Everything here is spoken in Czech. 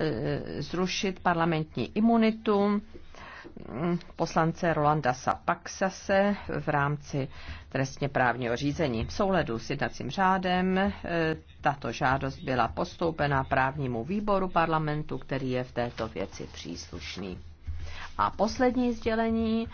Eh, zrušit parlamentní imunitu mm, poslance Rolanda Sapaxase v rámci trestně právního řízení. V souledu s jednacím řádem eh, tato žádost byla postoupena právnímu výboru parlamentu, který je v této věci příslušný. A poslední sdělení.